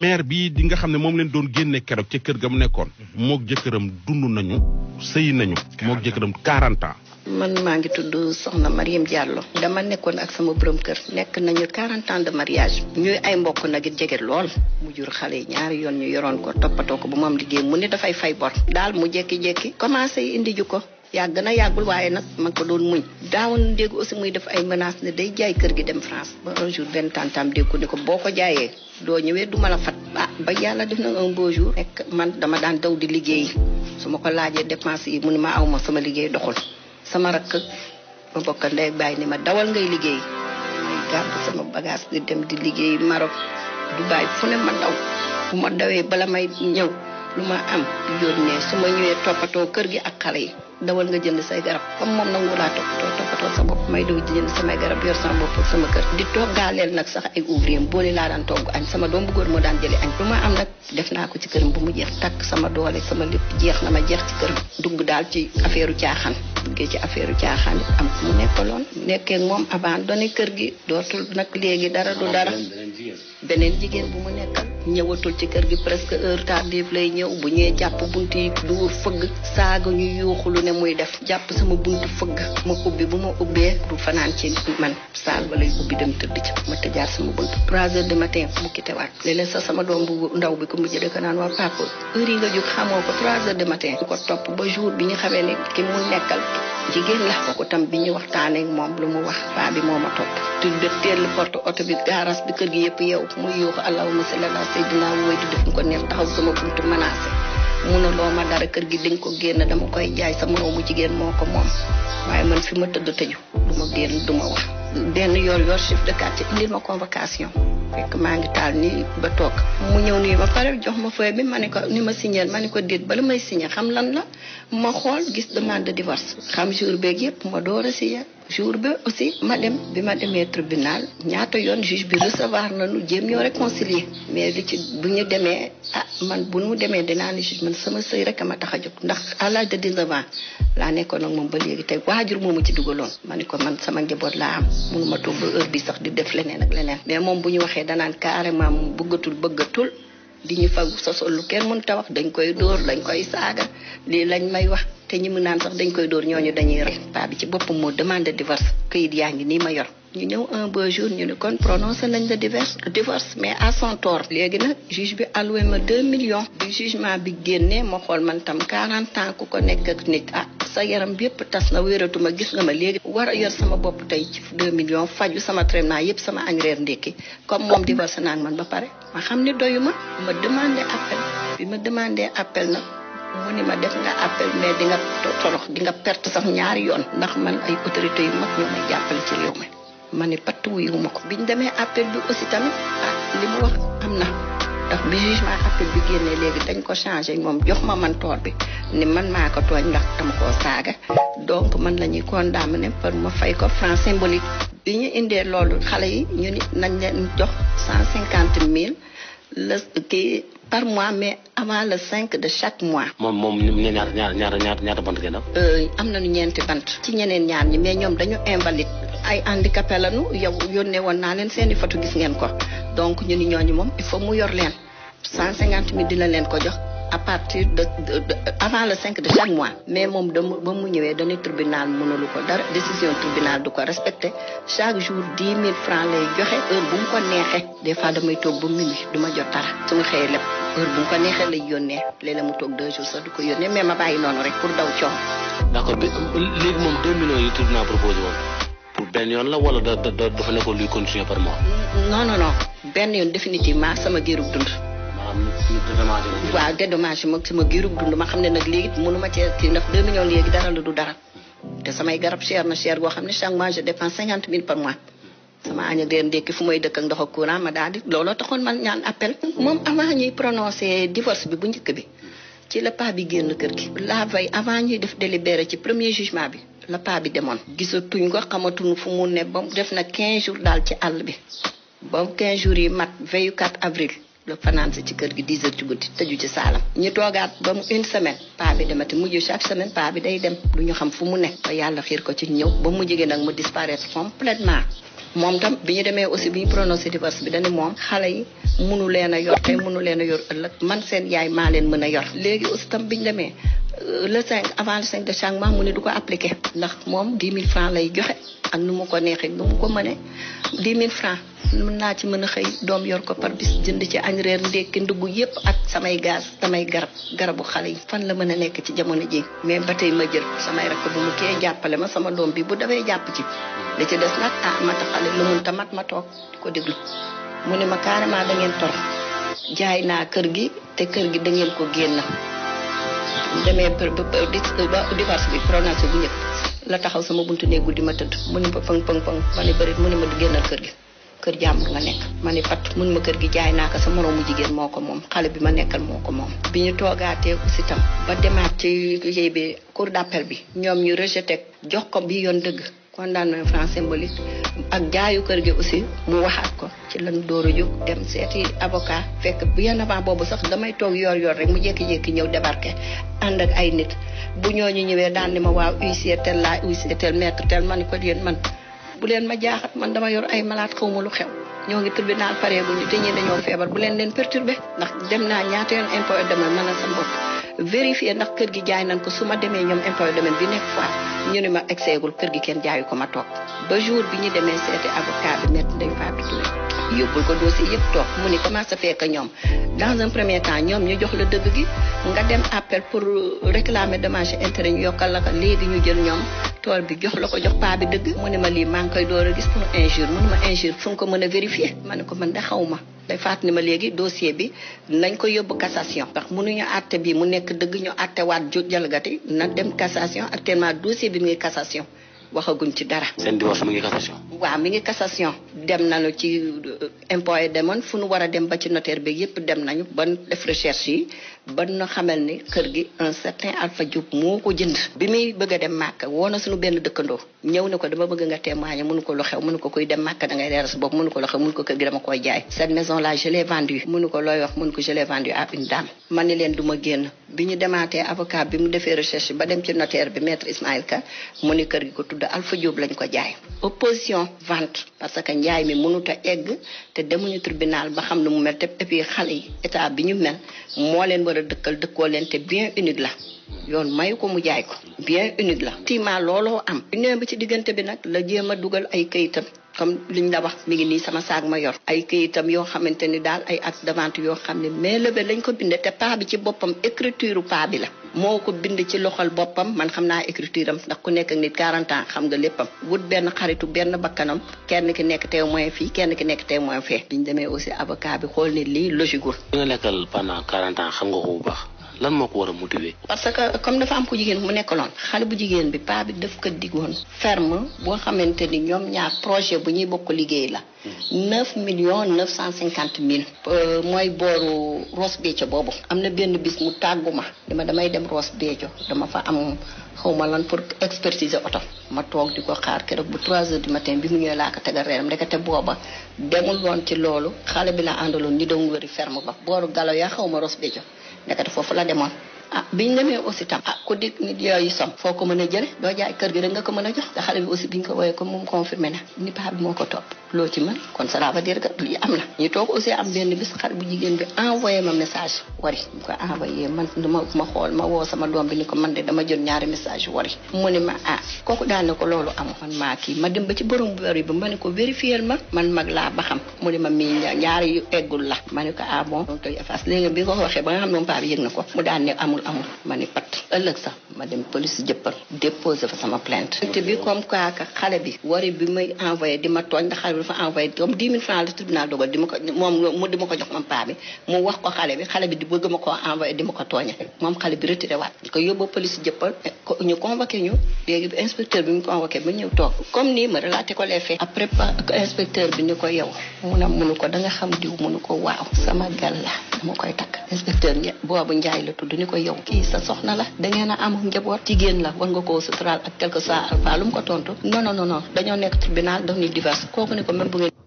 maire bi di nga xam ne moom leen doon génne keroog ca kër ga mu nekkoon. Mhm. moog jëkkëram dund nañu sëy nañu. moog jëkkëram 40 ans. man maa ngi tudd Soxna Mariam Diallo. dama nekkoon ak sama borom kër. nekk nañu 40 ans de mariage. ñuy ay mbokk nag it lool. mu jur xale yi ñaari yoon ñu yoroon ko toppatoo ko bu mu am liggéey mu ne dafay fay bor. daal mu jékki-jékki. commencé indi ju ko. yàgg na yàggul waaye nag ma ko doon muñ daawoon dégg aussi muy def ay menaces ne day jaay kër gi dem France ba un jour benn tantam dégg ko ni ko boo ko jaayee doo ñëwee du ma la fat ah, ba yàlla def na un beau jour rek man dama daan daw di liggéey su ma ko laajee dépense yi mu ne ma aw ma sama liggéey doxul sama rakk ma bàyyi ni ma dawal ngay liggéey may gàpp sama di dem di liggéey Maroc Dubaï fu ne ma ma dawee bala may ñëw lu ma am yónnee su ma ñëwee toppatoo kër gi ak xale yi dawal nga jënd say garab comme moom na laa toppatoo toppatoo sa bopp may daw di jënd samay garab yor sama bopp sama kër di toggaaleel nag sax ay ouvrier boole laa daan togg añ sama doom bu moo daan jëli añ lu ma am nag def naa ko ci këram bu mu jeex takk sama doole sama lépp jeex na ma jeex ci dugg daal ci affaire u caaxaan duggee ci affaire u caaxaan am ku mu nekkaloon nekkee moom avant done kër gi dootul nag léegi dara du dara beneen jigéen bu mu nekkal ñëwatul ci kër gi presque heure tardive lay ñëw bu ñëwee jàpp bunt yi duur fëgg saaga ñu yuuxu lu ne muy def jàpp sama bunt fëgg ma ubbi bu ma ubbee du fanaan ci man saal ba lay ubbi dem tëdd ci ma tëjaat sama bunt trois heures du matin mu kittewaat léeg-léeg sax sama doom bu ndaw bi ko mujj da ko naan waa papa heure yi nga jóg xamoo ko trois heures du matin ko topp ba jour bi ñu xamee ne ki mu nekkal jigéen la kooku tam bi ñu waxtaanee moom lu mu wax faa bi moo ma topp tuñ de teel porte oto bi bi kër gi yëpp yow muy yuuxu allahumma salli ala sayyidina wooy di def ko neex taxaw sama buntu menacé mu ne loo ma dara kër gi dañ ko génn dama koy jaay sama mu jigéen moo ko moom waaye man fi ma tëdd tëju du ma génn du wax benn yoor yor chef de quartier indil ma convocation fekk maa ngi taal nii ba toog mu ñëw nii ba pare jox ma feuille bi ma ne ko ni ma signé ma ne ko déet bala may signé xam lan la ma xool gis demande de divorce xam jour beeg yëpp ma door a signé jour ba aussi ma dem bi ma demee tribunal ñaata yoon juge bi recevoir nañu jéem ñoo réconcilier mais li ci bu ñu demee ah man bu ñu demee dinaa ne juge man sama sëy rek a ma tax a jóg ndax à l'âge de 19 ans laa nekkoon ak moom ba léegi tey waajur moomu ci dugaloon ma ni ko man sama njaboot laa am mënuma toog ba heure bi sax di def leneen ak leneen mais moom bu ñu waxee danaan carrément moom bëggatul bëggatul di ñu fag sosol lu kenn mënta wax dañ koy dóor dañ koy saaga lii lañ may wax te ñi mu naan sax dañ koy door ñooñu dañuy rey paa bi ci boppam moo demande divorce këyit yaa ngi nii ma yor ñu ñëw un beau jour ñu ne kon prononcé nañ la divorce divorce mais à son tort léegi nag juge bi alloué ma 2 millions bi jugement bi génnee ma xool man tam 40 ans ku ko nekk ak nit ah sa yaram bi yépp tas na wératuma gis nga ma léegi war a yor sama bopp tey ci 2 millions faju sama traitement yëpp sama añ ndéki comme moom divorce naa man ba pare ma xam doyuma ma demandé appel bi ma demandé appel nag mu ni ma def nga appel mais di nga torox di nga perte sax ñaari yoon ndax man ay autorité yu mag ñu may jàppale ci réew mi ma ni patt wuyuma ko biñ demee appel bi aussi tamit ah li mu wax am na ndax bi jugement appel bi génnee léegi dañ ko changé moom jox ma man toor bi ni man maa ko tooñ ndax dama koo saaga donc man la ñuy condamné par ma fay ko franc symbolique bi ñu indee loolu xale yi ñu ni nañ leen jox kii par mois mais avant le 5 de chaque mois. Mom, mom, ñu ñaar euh, am nañu bant. mais invalide. ay handicapé lañu yow won seeni gis donc ñu ni il faut mu yor cent cinquante à partir de, de, de avant le 5 de chaque mois. mais mom da mu ñëwé tribunal mënalu ko décision tribunal du ko respecter. chaque jour 10 francs lay joxé heure bu ko des fois damay minuit du jot dara. lépp. heure bu ko neexee lay yónnee léeg-léeg mu toog deux jours sax du ko yónnee mais ma bàyyi noonu rek pour daw coono. d'accord bi euh, léegi moom deux millions yi tur naa pour benn yoon la wala da da dafa nekkoon luy continuer par mois. non non non benn yoon définitivement sama giirub dund. waaw dédommage ma sama giirub dund ma xam ne nag léegi mënu ma cee kii ndax deux millions léegi dara la du dara te samay garab cher na cher goo xam ne chaque mois je cinquante mille par mois. sama añ ak reer ndékki fu may dëkk ak ndox ak courant ma daal di looloo taxoon man ñaan appel moom avant ñuy prononcé divorce bi bu njëkk bi ci la paa bi génn kër gi la veille avant ñuy def délibéré ci premier jugement bi la paa bi demoon gisatuñ ko xamatuñ fu mu ne ba mu def na 15 jours daal ci àll bi ba 15 jours yi mat veille 4 avril la fanaan si ci kër gi 10 heures ci guddi tëju ci saalam ñu toogaat ba mu une semaine paa bi demati mujj chaque semaine paa bi day dem du ñu xam fu mu ne ba yàlla xiir ko ci ñëw ba mu jege nag mu disparaître complètement moom tam bi ñu demee aussi bi ñu prononcé divorce bi dañu moom xale yi munu leen a yor tey mënu leen a yor ëllëg man seen yaay maa leen mën a yor léegi aussi tam bi ñu demee Euh, le 5 avant le 5 de chaque mois mu ne du ko appliqué ndax moom 10 000 francs lay joxe ak nu mu ko neexee nu mu ko mënee 10 000 francs mën naa ci mën a xëy doom yor ko par bis jënd ci añ reer ndékki ndugg yépp ak samay gaz samay garab garabu xale yi fan la mën a nekk ci jamono ji mais ba tey ma jël samay rakk bu mu kee jàppale ma sama doom bi bu dafay jàpp ci li ci des nag ah, ma taxale lu tamat ma toog ko déglu mu ne ma carrément da ngeen torox jaay naa kër gi te kër gi dangeen ko génn demee divorce bi prononcé bu njëkk la taxaw sama buntu nee guddi ma tëdd mu ne ma pëng pëng pëng ma ne bëri mu ne ma génnal kër gi kër jàmbur nga nekk ma ne fat mun ma kër gi jaay naa ko sa moroomu jigéen moo ko moom xale bi ma nekkal moo ko moom bi ñu toogaatee aussi tam ba demaat ci yéy bi cour d'appel bi ñoom ñu rejeté jox ko bi yoon dëgg kon daan condamné franc symbolique ak jaayu kër gi aussi mu waxaat ko ci la door a jóg dem seeti avocat fekk bien avant boobu sax damay toog yoor yoor rek mu jékki-jékki ñëw débarqué ànd ak ay nit bu ñooñu ñëwee daan ni ma waaw huissier tel la huissier tel maître tel man ko yéen man bu leen ma jaaxat man dama yor ay malaat xaw ma lu xew ñoo ngi tribunal pareeguñu te ñi dañoo feebar bu leen leen perturbé ndax dem naa ñaata yoon impôt domaine mën a sa ndax kër gi jaay nañ ko su ma demee ñoom impôt domaine bi nekk ñu ne ma egseegul kër gi kenn jaayu ko ma toog ba jour bi ñu demee seeti avocat bi maître Ndeye Fatou yóbbul ko dossier yëpp toog mu ni comment ça que ñoom dans un premier temps ñoom ñu jox la dëgg gi nga dem appel pour réclamer dommage intérêt ñu yokkal la ko léegi ñu jël ñoom tool bi jox la ko jox paa bi dëgg mu ne ma lii maa ngi koy door a gis pour injure mu ma injure fu nga ko mën a vérifier ma ne ko mën da xaw ma day faat ni ma léegi dossier bi nañ ko yóbbu cassation ndax ñu àtte bi mu nekk dëgg ñu àtte waat ju jalgati na dem cassation actuellement dossier bi mu ngi cassation waxaguñ ci dara. seen divorce mi ngi cassation. waaw mi ngi cassation. dem nañu ci euh, impôt yi demoon fu nu war a dem ba ci notaire bi yëpp dem nañu ban def recherche yi ba na xamal ni kër gi un certain Alpha Diop moo ko jënd bi muy bëgg a dem màkk woo na suñu benn dëkkandoo ñëw ne ko dama bëgg nga témoigner mënu ko lu ko kuy dem màkk ko lu xew mënu ko kër gi dama koy jaay ko looy wax mënu ko je l'ai vendue à une dame man ni leen du ma génn bi ñu demaatee avocat bi mu defee dem ci notaire bi maître Ismaïl ni kër gi ko tudd Alpha Diop lañ ko jaay opposition vente parce que njaay mi mënut a egg te demuñu tribunal ba xam ne mu mel te et puis xale yi état bi ñu mel moo leen war dëkkal dëkkoo leen te bien unique la yoon mayu ko mu jaay ko bien unique la tiimaa looloo am. bu ñëwee ba ci diggante bi nag la jéem a dugal ay kayitam comme liñ la wax mi ngi nii sama saag ma yor ay këyitam yoo xamante ni daal ay at de yoo xam ne mais lebe lañ ko binde te paa bi ci boppam écriture paa bi la moo ko bind ci loxol boppam man xam naa écriture am ndax ku nekk ak nit 40 ans xam nga léppam wut benn xaritu benn bakkanam kenn ki nekk témoin fii kenn ki nekk témoin fee biñ demee aussi avocat bi xool ni lii logique wul. li nga nekkal pendant 40 ans xam nga ko bu lan moo ko war a motiver. parce que comme dafa am ko jigéen mu nekk nekkaloon xale bu jigéen bi paa bi daf ko diggoon ferme boo xamante ni ñoom ñaar projet bu ñuy bokk liggéey la. 9 hmm. millions 950 mille. Euh, mooy booru Ross Béthio boobu. am na benn bis mu tàggu ma dama damay dem Ross Béthio dama fa am xawma lan pour expertiser oto. ma toog di ko xaar keroog bu 3 heures du bi mu ñëwee laa ko tegal reeram ndekete booba demul woon ci loolu xale bi la àndaloon ni doon wëri ferme ba booru galo yaa xawma Ross Béthio. ndekete foofu la demoon ah biñ demee aussi tam ah ku dig nit yooyu som foo ko mën a jële doo gi rek nga ko mën a jox te xale bi aussi biñ ko woowee ko moom confirmé na ni paa moo ko topp loo ci mën kon ça veut dire que am na ñu toog aussi am benn bis xale bu jigéen ma message wari man xool ma woo sama doom bi ni ko man de dama jël ñaari message wari mu ne ma ah kooku daal ko loolu amul man maa kii ma dem ba ci borom wari ba ma ne ko vérifier ma man mag laa ba xam mu ma mii ñaari eggul la ma ne ko ah bon donc tey fas léegi yëg na ko mu daan ne amul ma ni pat ëllëg sax ma dem police jëppal déposé fa sama plainte te bi comme kaaka xale bi wari bi may envoyé di ma tooñ ndax xale bi dafa envoyé comme dix mille francs la tribunal dogal di ma ko moom mu di ma ko jox moom paa bi mu wax ko xale bi xale bi di bëgg ma koo envoyé di ma ko tooñe moom xale bi retiré waat ko yóbbu police jëppal eh, ñu convoqué ñu léegi bi inspecteur bi mu convoqué ba ñëw toog comme nii ma relaté ko les faits après inspecteur bi ni ko yow mu ne munu ko da nga xam diw munu ko waaw sama gal la dama koy takk inspecteur boobu njaay la tudd ni ko yow kii sa soxna la da ngeen a am ci jigéen la war nga koo suturaal ak quelque soit alpha lu mu ko tontu non non dañoo nekk tribunal daf ñuy divers kooku ni ko même bu